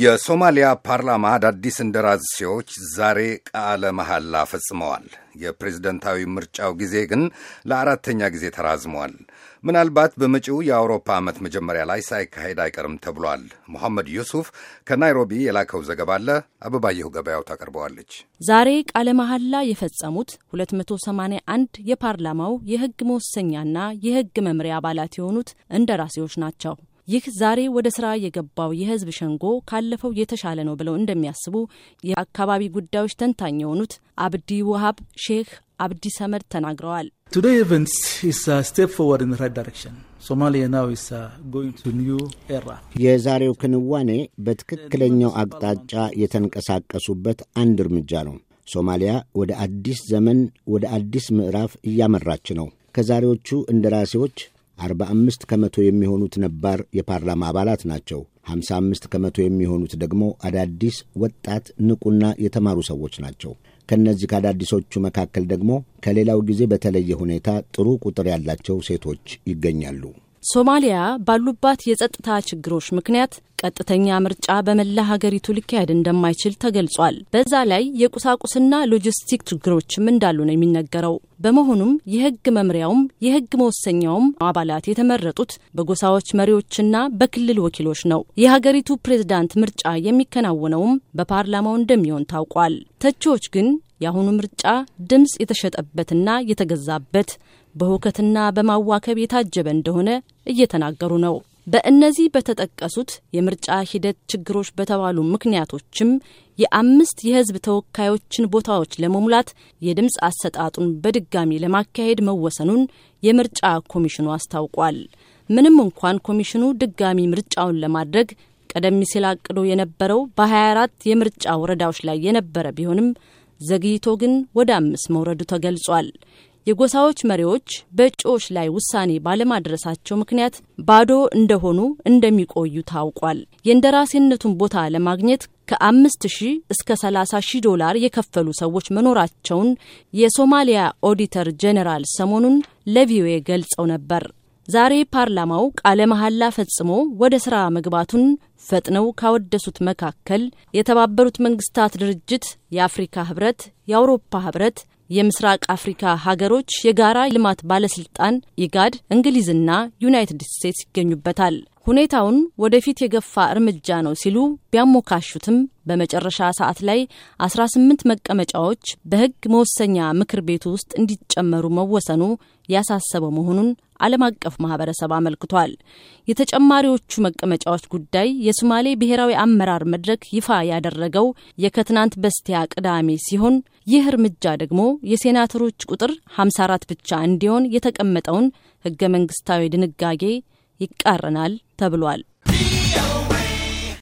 የሶማሊያ ፓርላማ አዳዲስ እንደራሴዎች ዛሬ ቃለ መሐላ ፈጽመዋል። የፕሬዝደንታዊ ምርጫው ጊዜ ግን ለአራተኛ ጊዜ ተራዝሟል። ምናልባት በመጪው የአውሮፓ ዓመት መጀመሪያ ላይ ሳይካሄድ አይቀርም ተብሏል። መሐመድ ዩሱፍ ከናይሮቢ የላከው ዘገባ አለ። አበባየሁ ገበያው ታቀርበዋለች። ዛሬ ቃለ መሐላ የፈጸሙት 281 የፓርላማው የህግ መወሰኛና የህግ መምሪያ አባላት የሆኑት እንደራሴዎች ናቸው። ይህ ዛሬ ወደ ስራ የገባው የህዝብ ሸንጎ ካለፈው የተሻለ ነው ብለው እንደሚያስቡ የአካባቢ ጉዳዮች ተንታኝ የሆኑት አብዲ ውሃብ ሼክ አብዲ ሰመድ ተናግረዋል። uh, የዛሬው ክንዋኔ በትክክለኛው አቅጣጫ የተንቀሳቀሱበት አንድ እርምጃ ነው። ሶማሊያ ወደ አዲስ ዘመን፣ ወደ አዲስ ምዕራፍ እያመራች ነው። ከዛሬዎቹ እንደራሴዎች 45 ከመቶ የሚሆኑት ነባር የፓርላማ አባላት ናቸው። 55 ከመቶ የሚሆኑት ደግሞ አዳዲስ ወጣት ንቁና የተማሩ ሰዎች ናቸው። ከእነዚህ ከአዳዲሶቹ መካከል ደግሞ ከሌላው ጊዜ በተለየ ሁኔታ ጥሩ ቁጥር ያላቸው ሴቶች ይገኛሉ። ሶማሊያ ባሉባት የጸጥታ ችግሮች ምክንያት ቀጥተኛ ምርጫ በመላ ሀገሪቱ ሊካሄድ እንደማይችል ተገልጿል። በዛ ላይ የቁሳቁስና ሎጂስቲክ ችግሮችም እንዳሉ ነው የሚነገረው። በመሆኑም የህግ መምሪያውም የህግ መወሰኛውም አባላት የተመረጡት በጎሳዎች መሪዎችና በክልል ወኪሎች ነው። የሀገሪቱ ፕሬዝዳንት ምርጫ የሚከናወነውም በፓርላማው እንደሚሆን ታውቋል። ተቺዎች ግን የአሁኑ ምርጫ ድምፅ የተሸጠበትና የተገዛበት በሁከትና በማዋከብ የታጀበ እንደሆነ እየተናገሩ ነው። በእነዚህ በተጠቀሱት የምርጫ ሂደት ችግሮች በተባሉ ምክንያቶችም የአምስት የህዝብ ተወካዮችን ቦታዎች ለመሙላት የድምፅ አሰጣጡን በድጋሚ ለማካሄድ መወሰኑን የምርጫ ኮሚሽኑ አስታውቋል። ምንም እንኳን ኮሚሽኑ ድጋሚ ምርጫውን ለማድረግ ቀደም ሲል አቅዶ የነበረው በ24 የምርጫ ወረዳዎች ላይ የነበረ ቢሆንም ዘግይቶ ግን ወደ አምስት መውረዱ ተገልጿል። የጎሳዎች መሪዎች በእጩዎች ላይ ውሳኔ ባለማድረሳቸው ምክንያት ባዶ እንደሆኑ እንደሚቆዩ ታውቋል። የእንደራሴነቱን ቦታ ለማግኘት ከአምስት ሺህ እስከ ሰላሳ ሺህ ዶላር የከፈሉ ሰዎች መኖራቸውን የሶማሊያ ኦዲተር ጄኔራል ሰሞኑን ለቪኦኤ ገልጸው ነበር። ዛሬ ፓርላማው ቃለ መሐላ ፈጽሞ ወደ ሥራ መግባቱን ፈጥነው ካወደሱት መካከል የተባበሩት መንግስታት ድርጅት፣ የአፍሪካ ህብረት፣ የአውሮፓ ህብረት የምስራቅ አፍሪካ ሀገሮች የጋራ ልማት ባለስልጣን ኢጋድ፣ እንግሊዝና ዩናይትድ ስቴትስ ይገኙበታል። ሁኔታውን ወደፊት የገፋ እርምጃ ነው ሲሉ ቢያሞካሹትም በመጨረሻ ሰዓት ላይ 18 መቀመጫዎች በሕግ መወሰኛ ምክር ቤቱ ውስጥ እንዲጨመሩ መወሰኑ ያሳሰበው መሆኑን ዓለም አቀፍ ማህበረሰብ አመልክቷል። የተጨማሪዎቹ መቀመጫዎች ጉዳይ የሶማሌ ብሔራዊ አመራር መድረክ ይፋ ያደረገው የከትናንት በስቲያ ቅዳሜ ሲሆን ይህ እርምጃ ደግሞ የሴናተሮች ቁጥር 54 ብቻ እንዲሆን የተቀመጠውን ሕገ መንግስታዊ ድንጋጌ ይቃረናል ተብሏል።